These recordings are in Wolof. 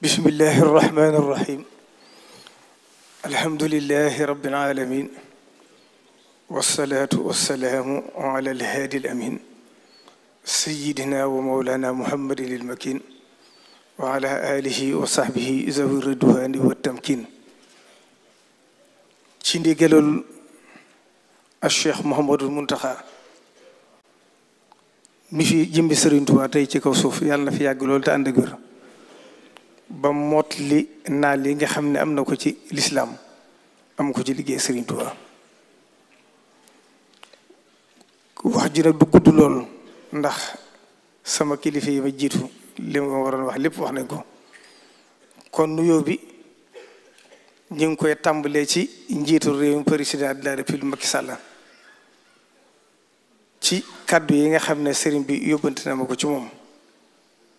بسم الله الرحمن الرحيم الحمد لله رب العالمين والصلاة والسلام على الهادي الأمين سيدنا ومولانا محمد المكين وعلى آله وصحبه ذوي الردوان والتمكين شندي قالوا الشيخ محمد المنتخى mi fi jëmbi Serigne Touba tey كوسوف يالنا في ياغ لول fi yàgg ba mot li naa yi nga xam ne am na ko ci lislaam am ko ci liggéey Serigne Touba wax ji nag du gudd lool ndax sama kilifa yi ma jiitu li ma waroon wax lépp wax nañ ko kon nuyoo bi ñu ngi koy tàmbalee ci njiitu réew mi président de la république Macky Sall ci kàddu yi nga xam ne Serigne bi yóbbante na ma ko ci moom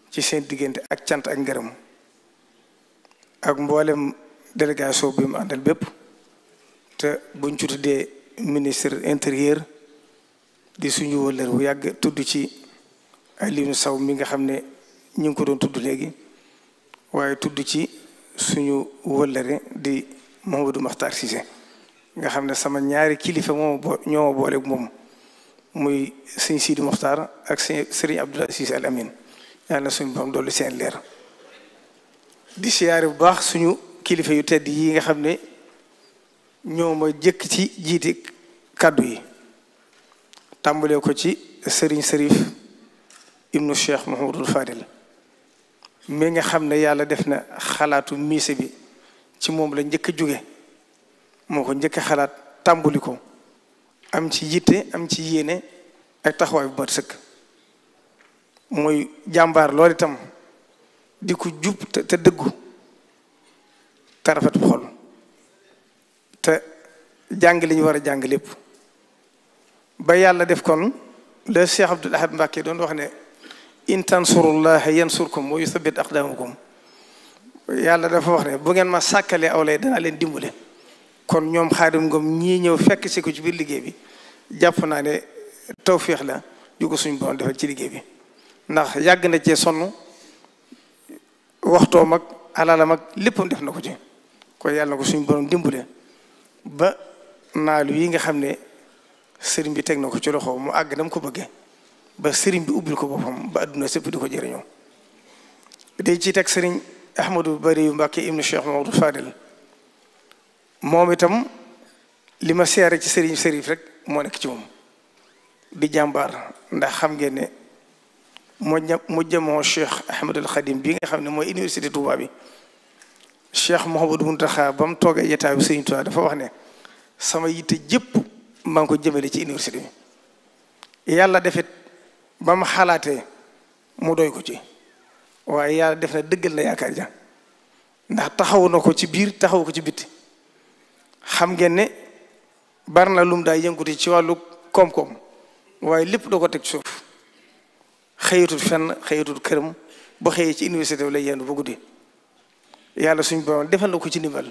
ci seen diggante ak cant ak ngërëm. ak mboolem délégation bi mu àndal bépp te buñ ci tuddee ministre intérieur di suñu wëllër bu yàgg tudd ci Alioune Sow mi nga xam ne ñu ngi ko doon tudd léegi waaye tudd ci suñu wëllëre di Mamadou Makhtar Cissé nga xam ne sama ñaari kilifa moo moom muy sëñ Sidi Mokhtar ak sëñ Serigne Abdoulaye Cissé Al Amin yàlla na suñu borom seen leer. di siyaare bu baax suñu kilifa yu tedd yi nga xam ne ñoo ma jëkk ci jiiti kàddu yi tàmbalee ko ci sëriñ sërif ibnu cheikh mahamadul fadil mi nga xam ne yàlla def na xalaatu miise bi ci moom la njëkk a jóge moo ko njëkk xalaat tàmbali ko am ci yitte am ci yéene ak taxawaay bu mat sëkk mooy jàmbaar loolu itam di jub te dëggu te rafet xol te jàng li ñu war a jàng lépp ba yàlla def kon le Cheikh Abdoul Ahad Mbacké doon wax ne la sur in tansurullaha yansurkum wa yuthabbit aqdamakum yàlla dafa wax ne bu ngeen ma sàkkalee aw lay danaa leen dimbale kon ñoom Xaadim Ngom ñii ñëw fekk si ko ci biir liggéey bi jàpp naa ne tawféex la ju ko suñ defal ci liggéey bi ndax yàgg na cee sonn waxtoo mag alaala mag léppam def na ko ci kon yàlla na ko suñu borom dimbale ba naalu yi nga xam ne sëriñ bi teg na ko ci loxo mu àgg na ko bëgge ba sëriñ bi ubbil ko boppam ba adduna sëpp di ko jëriñoo day ci teg sëriñ Ahmadou Bari yu Mbàkke ibnu Cheikh Mamadou Fadel moom itam li ma seere ci sëriñ sërif rek moo nekk ci moom di jàmbaar ndax xam ngeen mujj mujj moo Cheikh Ahmadul Xadim bi nga xam ne mooy université Touba bi Cheikh Mouhamadou Mountakha ba mu toogee jotaay bi Sëriñ Touba dafa wax ne sama yitte jépp maa ngi ko jëmale ci université bi yàlla defit ba mu xalaatee mu doy ko ci waaye yàlla def na dëggal na yaakaar ja ndax taxawu na ko ci biir taxawu ko ci bitti xam ngeen ne bari na lum daa yënguti ci wàllu koom-koom waaye lépp doo ko teg ci suuf xëyatul fenn xëyatul këram boo xëyee ci université bi lay yendu ba guddi yàlla suñ borom defal na ko ci ndimbal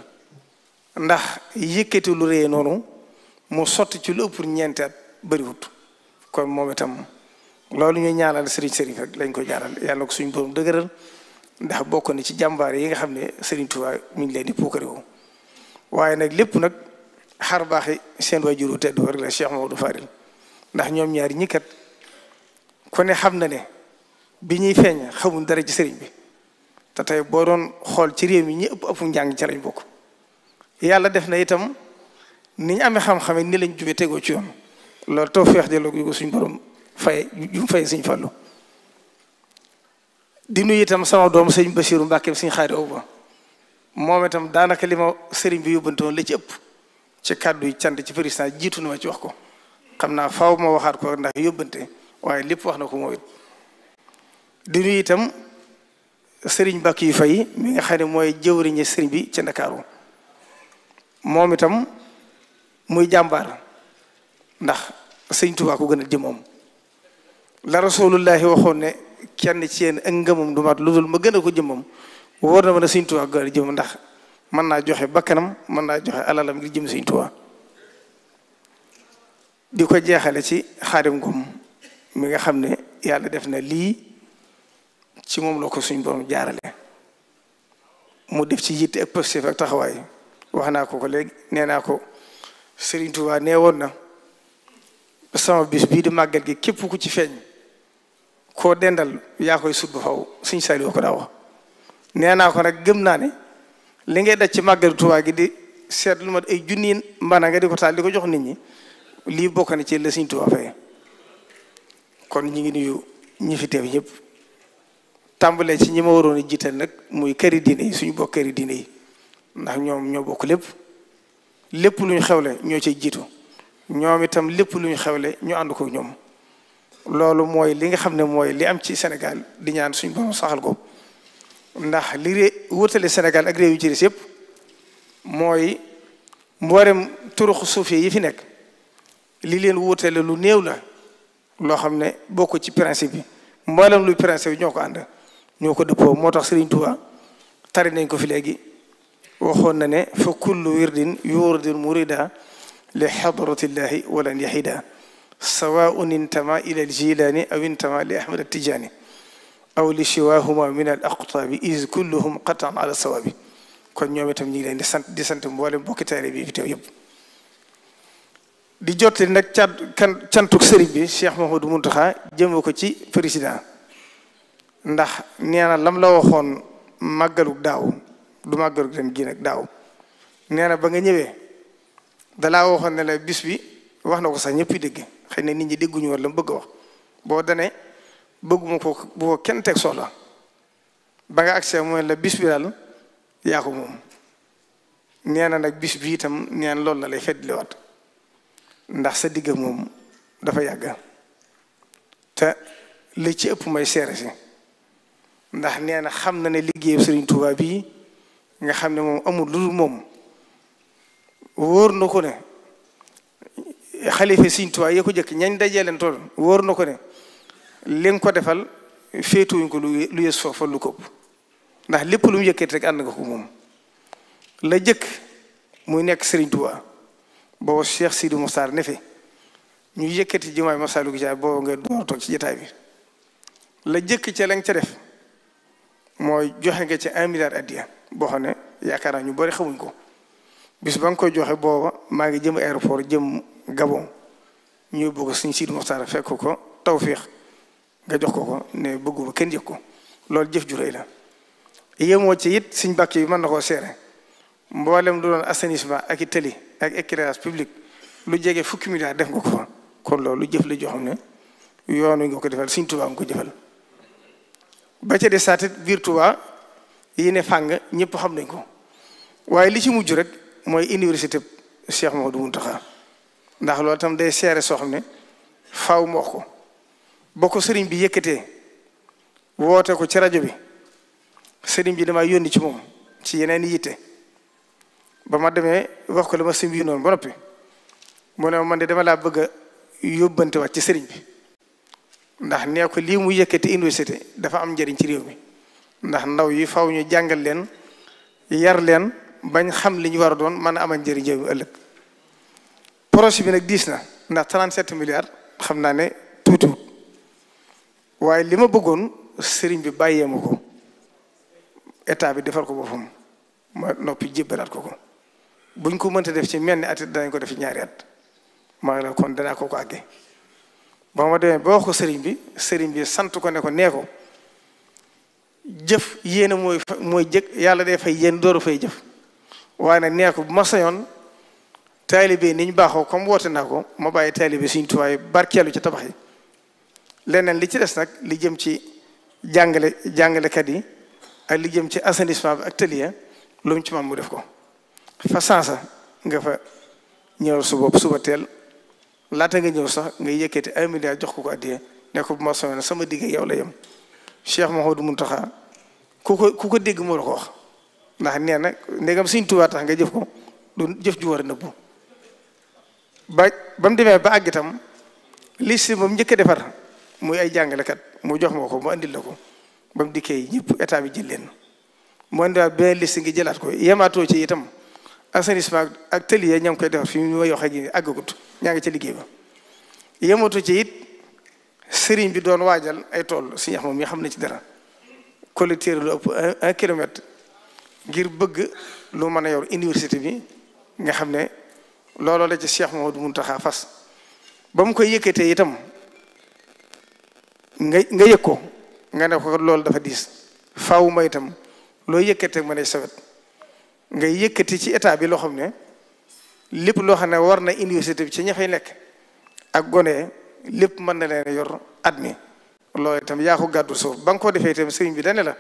ndax yëkkati lu rëy noonu mu sotti ci lu ëpp ñeenti at bëriwut kon moom itam loolu ñu ñaanal Serigne sëriñ rek lañ ko ñaanal yàlla ko suñ borom dëgëral ndax bokk na ci jàmbaar yi nga xam ne Serigne Touba mi ngi leen di puukare waaye nag lépp nag xar baaxi seen waajuru tedd rek la Cheikh Maodo Faril ndax ñoom ñaari ñi kat ku xam na ne bi ñuy feeñ xamuñ dara ci sëriñ bi te tey boo doon xool ci réew mi ñu ëpp ëpp njàng ci lañ bokk yàlla def na itam ni ñu amee xam-xame ni lañ jube tegoo ci yoon loolu too feex delloo gu suñ borom fay ju fay suñ fàllu di nuyu itam sama doom sëñ Basiiru Mbàkke suñ xaari aw ba moom itam daanaka li sëriñ bi yóbbante la ci ëpp ci kàddu yi cant ci président jiitu na ma ci wax ko xam naa faw ma waxaat ko ndax yóbbante waaye lépp wax na ko mooy it itam sëriñ bàkk yu fay mi nga xam ne mooy jëwriñu sëriñ bi ci ndakaaru moom itam muy jàmbaar ndax sëriñ Tuubaa ko gën a jëmoom la rasulullahi waxoon ne kenn ci yéen ak ngëmam du lu dul ma gën ko jëmmam war na mën a sëriñ Tuubaa gën jëmmam ndax mën naa joxe bakkanam mën naa joxe alalam ngir jëm sëriñ Tuubaa di ko jeexale ci xaadim Ngom mi nga xam ne yàlla def na lii ci moom la ko suñ borom jaarale mu def ci yitte ak positif ak taxawaay wax naa ko ko léegi nee naa ko Serigne Touba nee woon na sama bis bii di màggal gi képp ku ci feeñ koo dendal yaa koy sut ba faw suñ sali ko daa wax nee naa ko nag gëm naa ne li ngay daj ci màggal gi di seet lu mat ay junniin mbaa nga di ko taal di ko jox nit ñi lii bokk na ci la Serigne fay kon ñu ngi nuyu ñi fi teew ñëpp tàmbalee ci ñi ma waroon a jiital nag muy këri diine yi suñu bokk këri diine yi ndax ñoom ñoo bokk lépp lépp lu xew le ñoo cay jiitu ñoom itam lépp lu xew le ñu ànd ko ñoom loolu mooy li nga xam ne mooy li am ci Sénégal di ñaan suñ borom saxal ko ndax li ré wutale Sénégal ak réew yu ci des yëpp mooy mboolem turuxu suufi yi fi nekk li leen wutale lu néew la loo xam ne bokk ci principe bi mboolem luy principe bi ñoo ko ànd ñoo ko dëppoo moo tax Sëriñ Tuubaa tari nañ ko fi léegi waxoon na ne fa kullu wirdin yuridul murida li xadratillahi walan yahida sawaun intama ila aljilaani aw intama li ahmad attijaani aw li siwahuma min al aqtaabi is kulluhum qatan ala sawaabi kon ñoom itam ñu ngi leen sant di sant mboolem bokki taari bi fi teew yëpp di jottali nag cant kan cantu sëriñ bi du Mouhamadou Mountakha jëme ko ci prisident ndax nee lam la waxoon màggalug daaw du màggalug ren gii nag daaw nee ba nga ñëwee dalaa waxoon ne la bis bi wax na ko sax ñëpp dégg xëy na nit ñi dégguñu woon la bëgg a wax boo dane bëgguma ko bu ko kenn teg soxla ba nga accès mooy la bis bi daal yaa ko moom nee na nag bis bii tam neen na loolu la lay fedd wat ndax sa digg moom dafa yàgg te li ci ëpp may seere si ndax nee na xam na ne liggéey Serigne Touba bii nga xam ne moom amul lu moom wóor na ko ne xalifa Serigne Touba yee ko jëkk ñañ dajee leen tool wóor na ko ne leen ko defal féetuwuñ ko lu lu yës foofa lu ko ndax lépp lu mu yëkkati rek ànd nga ko moom la jëkk muy nekk Serigne Touba boobu Cheikh Sidi Moustar ne fi ñu yëkkati jumaay Massalikul Jinaan boobu nga door toog ci jotaay bi la jëkk ca ca def mooy joxe nga ci un milliard addiya boo xam ne yaakaar naa ñu bari xamuñ ko bis ba nga koy joxe booba maa ngi jëm aéroport jëm Gabon ñu bëgg suñ Sidi Moustar fekk ko tawfiix nga jox ko ko ne bëgguma kenn jëkk ko loolu jëf ju rëy la yemoo ci it suñ bàkk yi mën na koo seere mboolem du doon assainissement ak i tëli ak éclairage public lu jege fukki milliards def nga ko fa kon loolu jëf la joo xam ne yoon wi nga ko defal Sëriñ Tuubaa nga ko jëfal ba ca des saatit biir Tuubaa yi ne fàng ñëpp xam nañ ko waaye li ci mujj rek mooy université Cheikh Mouhamadou Mountakha ndax loolu tam day seere soo xam ne faaw mu ko boo ko sëriñ bi yëkkatee woote ko ci rajo bi sëriñ bi dama yónni ci moom ci yeneen yitte ba ma demee wax ko li ma sëñ noonu ba noppi mu ne man de dama laa bëgg a yóbbante wax ci sëriñ bi ndax nee ko lii mu yëkkati université dafa am njëriñ ci réew mi ndax ndaw yi faw ñu jàngal leen yar leen bañ xam li ñu war a doon mën a amal njëriñ réew mi ëllëg projet bi nag diis na ndax 37 milliards xam naa ne tuutiwut waaye li ma bëggoon sëriñ bi bàyyee ma ko état bi defar ko boppam ma noppi jébbalaat ko ko. buñ ko mënta def ci mel ni at danañ ko def ci ñaari at maa ngi la kon danaa ko ko àgge ba ma demee ba wax ko sëriñ bi sëriñ bi sant ko ne ko nee ko jëf yéen mooy mooy jëkk yàlla day fay yéen dooru fay jëf waaye nag nee ko bu ma sañoon taalibe ni ñu baaxoo comme woote naa ko ma bàyyi taalibe suñu tuwaay barkeelu ci tabax yi leneen li ci des nag li jëm ci jàngle jàngalekat yi ak li jëm ci assainissement bi ak tëliya lu mu ci man mu def ko fa sansa nga fa ñëwal su bopp suba teel laata nga ñëw sax nga yëkkati ay milliards jox ko ko addiya ne ko ma soobee sama digge yow la yem Cheikh Mouhamadou muntaha ku ko ku ko dégg moo ko wax ndax nee na ndegam Sëriñ Tuubaa tax nga jëf ko du jëf ju war a nëbbu ba ba mu demee ba àgg itam liste moom njëkk defar muy ay jàngalekat mu jox ma ko mu andil la ko ba mu dikkee ñëpp état bi jël leen mu andiwaat beneen liste nga jëlaat ko yemaatoo ci itam. assainissement ak tëli ya ña ngi koy defar fi ñu may wax ak yi àggagut ñaa ngi ci liggéey ba yematu ci it sëriñ bi doon waajal ay tool si ñax moom mi xam na ci dara collecteur lu ëpp un ngir bëgg lu mën a yor université bi nga xam ne looloo la ci Cheikh Mamadou Mountakha fas ba mu koy yëkkatee itam nga nga yëg ko nga ne ko loolu dafa diis faaw ma itam loo yëkkatee ma ne sawet nga yëkkati ci état bi loo xam ne lépp loo xam ne war na université bi ci ña fay nekk ak gone lépp mën na leen yor at mi loolu itam yaa ko gàddu suuf ba nga ko defee itam sëriñ bi dane la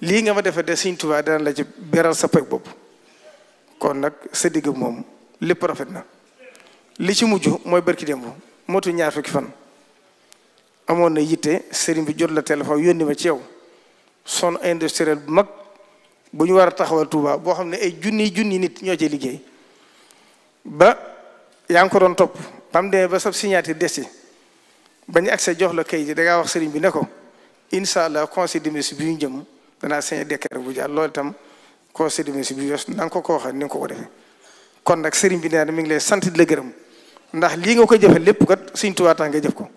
lii nga ma defee de sëriñ Tuubaa dana la ci beral sa peg bopp kon nag sa digg moom lépp rafet na li ci mujj mooy barki démb motu ñaar fukki fan amoon na yitte sëriñ bi jot la téléphone yónni ma ci yow son industriel bu mag bu ñu war a taxawal Touba boo xam ne ay junni junni nit ñoo ci liggéey ba yaa ngi ko doon topp ba mu ba sab signature des ci ba ñu accès jox la kayit yi da ngaa wax sëriñ bi ne ko incha allah conseil des ministres ñu jëm danaa signé décret bu jaar loolu itam conseil des ministres bi yos na nga ko ko waxee ni ko ko kon nag sëriñ bi nee na mi ngi lay sant di la gërëm ndax lii nga ko jëfe lépp kat Sëriñ Tuubaa nga jëf ko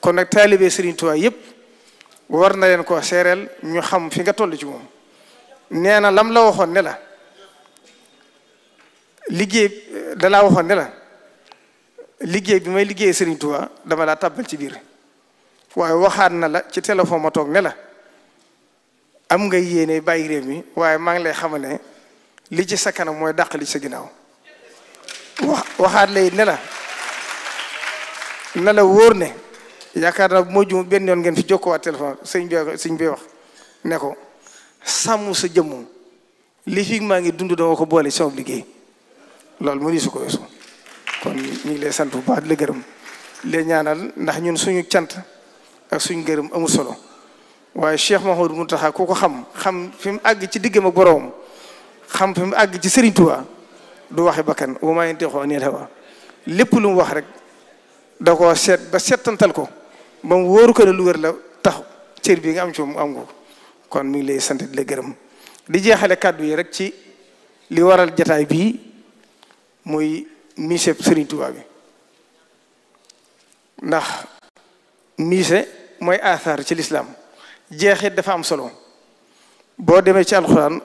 kon nag taalibe Sëriñ yëpp war na leen koo seereel ñu xam fi nga toll ci moom. nee na lam la waxoon nela liggéey da waxoon ne liggéey bi may liggéey Serigne dama la tàbbal ci biir waaye waxaan na la ci téléphone ma toog ne am nga yéene bàyyi réew mi waaye maa ngi lay xamal ne li ci sa kanam mooy dàq li ci sa ginnaaw wax waxaat lay ne la ne la wóor ne yaakaar naa bu ma juum benn yoon ngeen fi jokkoo waat téléphone sëñ bi sëñ bi wax ne ko. sàmm sa jëmm lii fi maa ngi dund dama ko boole sama liggéey loolu mu ni su ko kon ñu ngi lay sant bu baax la gërëm lee ñaanal ndax ñun suñu cant ak suñu gërëm amul solo waaye Cheikh Mahoud Mountakha ku ko xam xam fi mu àgg ci diggam ak boroom xam fi àgg ci Serigne du waxe bakkan wa maa yantiqu anil hawa lépp lu mu wax rek da ko seet ba seetantal ko ba mu wóoru ko lu wér la tax cër bii nga am ci moom am nga kon mi ngi lay sant di la gërëm di jeexale kàddu yi rek ci li waral jataay bii muy musée Serigne Touba bi ndax musée mooy athar ci lislaam jeexit dafa am solo boo demee ci alxuraan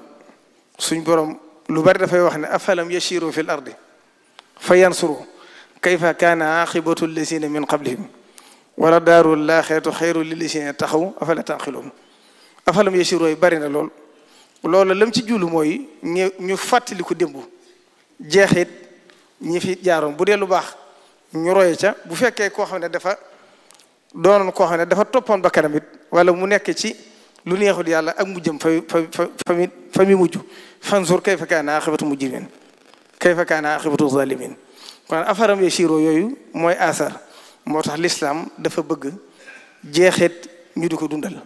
suñ borom lu bari dafay wax ne afalam yashiru fil ardi fa yansuru kayfa kana aqibatu lazina min qablihim wala daaru laaxiratu xayru lillazina taxaw afala tanqiloon afalam yasiru yi bari na lool loolu lam ci jullu mooy ñu ñu fàttali ko démb jeexit ñi fi jaaroon bu dee lu baax ñu roye ca bu fekkee koo xam ne dafa doonoon koo xam ne dafa toppoon ba kanam it wala mu nekk ci lu neexul yàlla ak mujjam fa fa fa fa mi mujj fanzur kayfa kaana aqibatu mujrimin kayfa kaana aqibatu zalimin kon afaram yasiru yooyu mooy asar moo tax lislaam dafa bëgg jeexit ñu di ko dundal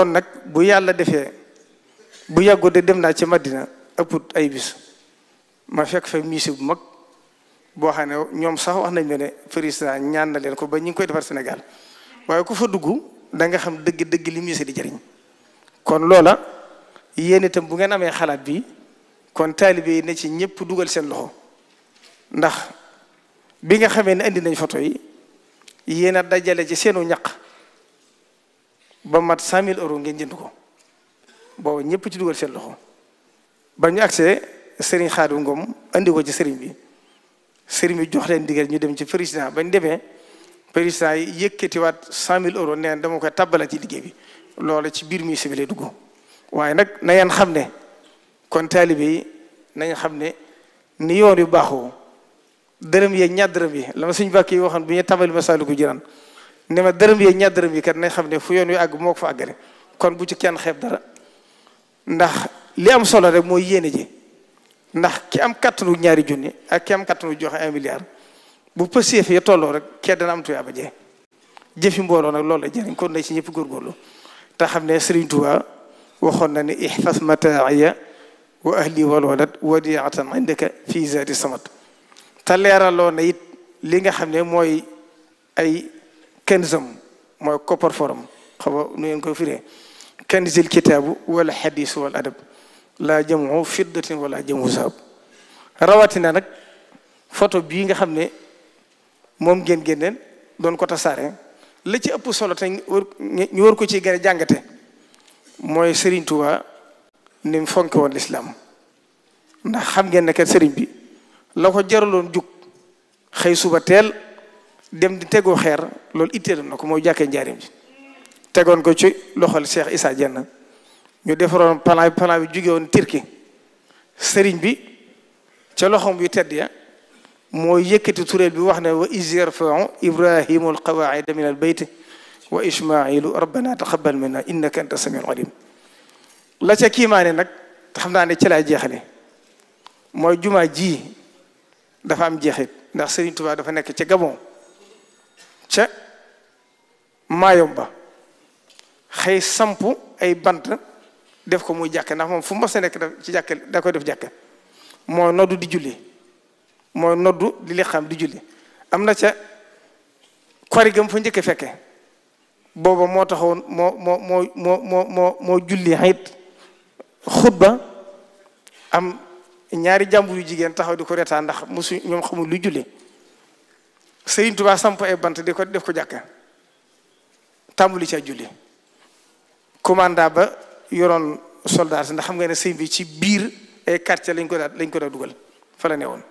kon nag bu yàlla defee bu yàggoo de dem naa ci Madina ëpput ay bis ma fekk fa musée bu mag boo xam ñoom sax wax nañ ne président ñaan na leen ko ba ñu ngi koy defar Sénégal waaye ku fa dugg danga xam dëgg dëgg li musée di jëriñ kon loola yéen itam bu ngeen amee xalaat bi kon taalibe yi ne ci ñëpp dugal seen loxo ndax bi nga xamee ne indi nañ foto yi yéen a dajale ci seenu ñaq ba mat mille euros ngeen jënd ko boobu ñëpp ci dugal seen loxo ba ñu agsee sëriñ Xaadim Ngom andi ko ci sëriñ bi sëriñ bi jox leen digal ñu dem ci président bañ demee président yi yëkkatiwaat 100000 euros neen dama koy tabbala ci liggéey bi loolu ci biir ministère bi lay waaye nag na ngeen xam ne kon taalibe yi nañ xam ne ni yoon yu baaxoo dërëm yeeg ñaar dërëm yi la ma suñu bàkk yi bi bu ñu tabal masaalu ko jiran ne ma dërëm yi ñaar dërëm yi kat nañ xamne fu yoon yu ag moo fa agale kon bu ci kenn xeb dara ndax li am solo rek moy yene ji ndax ki am katru ñaari jooni ak ki am katru joxe 1 milliard bu pësee ya tolloo rek kee dana am tuyaaba jee jëfi mbooloo nak loolu la jëriñ kon lay ci ñëpp gor gorlu ta xamne Serigne Touba waxon na ni ihfas mataaya wa ahli wal walad wadiatan indaka fi zati samad ta leralo ne it li nga xamne moy ay kanzam mooy koppar forum xam nga nu ngeen koy firee kanzil kitaabu wala xadis wala adab laa jamu fiddatin wala jamu saab rawatina nag photo bii nga xam ne moom ngeen génneen doon ko tasaare la ci ëpp solo te ñu war ko ci gën jàngate mooy Serigne Touba ni mu fonke woon lislaam ndax xam ngeen ne kat bi la ko jaraloon jug xëy suba teel. dem di tegoo xeer loolu itteelam na ko mooy jàkkee njaarim ji tegoon ko ci loxol Cheikh Issa Dieng ñu defaroon plan bi plan bi jóge woon Turquie sëriñ bi ca loxoom bi tedd ya mooy yëkkati tureel bi wax ne wa iz yarfau ibrahimul qawaida min al bayt wa ismailu rabbana taqabbal minna innaka anta samiul alim la ca kiimaane nag xam naa ne ci laa jeexale mooy juma ji dafa am jeexit ndax sëriñ Tuubaa dafa nekk ca Gabon ca maayom ba xëy samp ay bant def ko muy jàkk ndax moom fu mos a nekk daf ci jàkk da koy def jàkk mooy noddu di julli mooy noddu di li xam di julli am na ca kori gam fa njëkk fekke booba moo taxawoon moo moo moo moo moo moo moo julli xayit xutba am ñaari jàmbur yu jigéen taxaw di ko reetaan ndax mosu ñoom xamul lu julli Sëriñ Tuubaa samp ay bant de ko def ko jàkka tàmbali ca julli commandant ba yoroon soldat ndax xam nga ne sëñ bi ci biir ay quartier lañ ko daa lañ ko daa dugal fa ne woon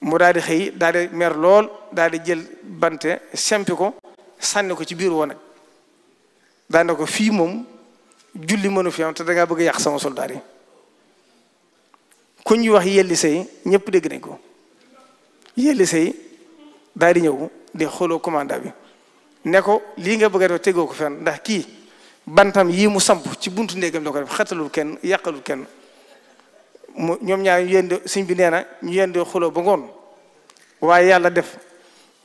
mu daal di xëy daal di mer lool daal di jël bante sempi ko sànni ko ci biir woon daa daane ko fii moom julli mënu fi am te dangaa bëgg yàq sama soldat yi ku ñuy wax yelli sëy ñëpp dégg nañ ko yelli sëy daal di ñëw di xooloo commandant bi ne ko lii nga bëgg a def tegoo ko fen ndax kii bantam yii mu samp ci bunt néegam la ko def xatalul kenn yàqalul kenn mu ñoom ñaar ñu yendoo sëñ bi nee na ñu yendoo xuloo ba ngoon waaye yàlla def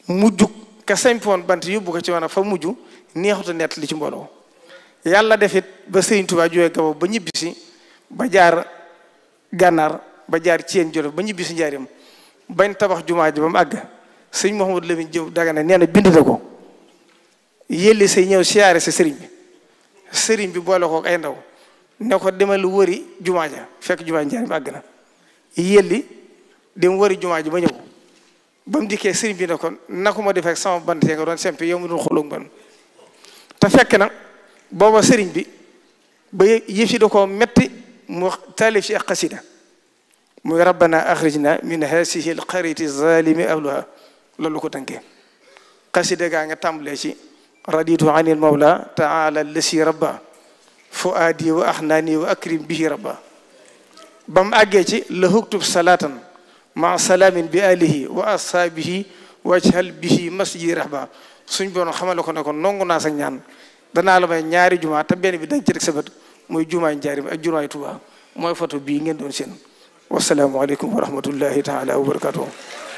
mujj ka sampoon bant yóbbu ko ci wana fa mujj neexuta nett li ci mbooloo yàlla def it ba sëriñ Tuubaa jógee Gabon ba ñibbisi ba jaar gànnaar ba jaar yenn Jolof ba ñibbisi njaarim bañ tabax jumaa ji ba mu àgg sëñ Mouhamadou Lamine Diop Dagana nee na bind na ko yëlli say ñëw siyaare sa sëriñ bi sëriñ bi boole ko ay ndaw ne ko demal wëri jumaa ja fekk jumaa njaar bi àgg na yëlli dem wëri jumaa ji ba ñëw ba mu dikkee sëriñ bi ne ko na ko ma defee sama bant nga doon sempi yow mu doon xooloo ban te fekk na booba sëriñ bi ba yëf yi da koo metti mu taalif ci ak xasida muy rabbana axrijna min hasihi alqaryati zalimi ahluha loolu ko tanke qasida ga nga tambale ci raditu anil mawla taala lisi rabba fuadi wa ahnani wa akrim bihi rabba bam agge ci la huktub ma salamin bi alihi wa wa jhal bihi masjidi rabba suñ bon xamal ko ne ko nongu naa sa ñaan danaa la may ñaari juma ta ben bi dañ ci rek sabat moy juma ñaari ak juma tuba moy foto bi ngeen doon seen alaykum wa rahmatullahi taala wa barakatuh